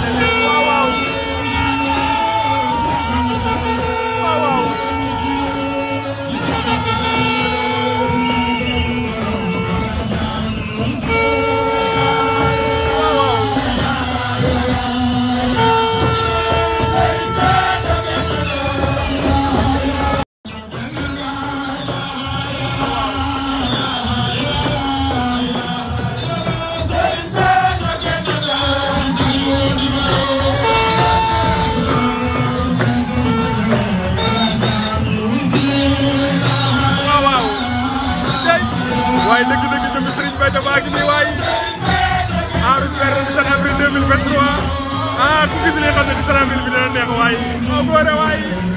Hallelujah. waaye dëgg-dëgg jëmmi Serigne Béthio baa ngi nii waaye aaru per 17 avril 2023 ah ku gis li xam ne 17 avril bi dana neex waaye moo góore waaye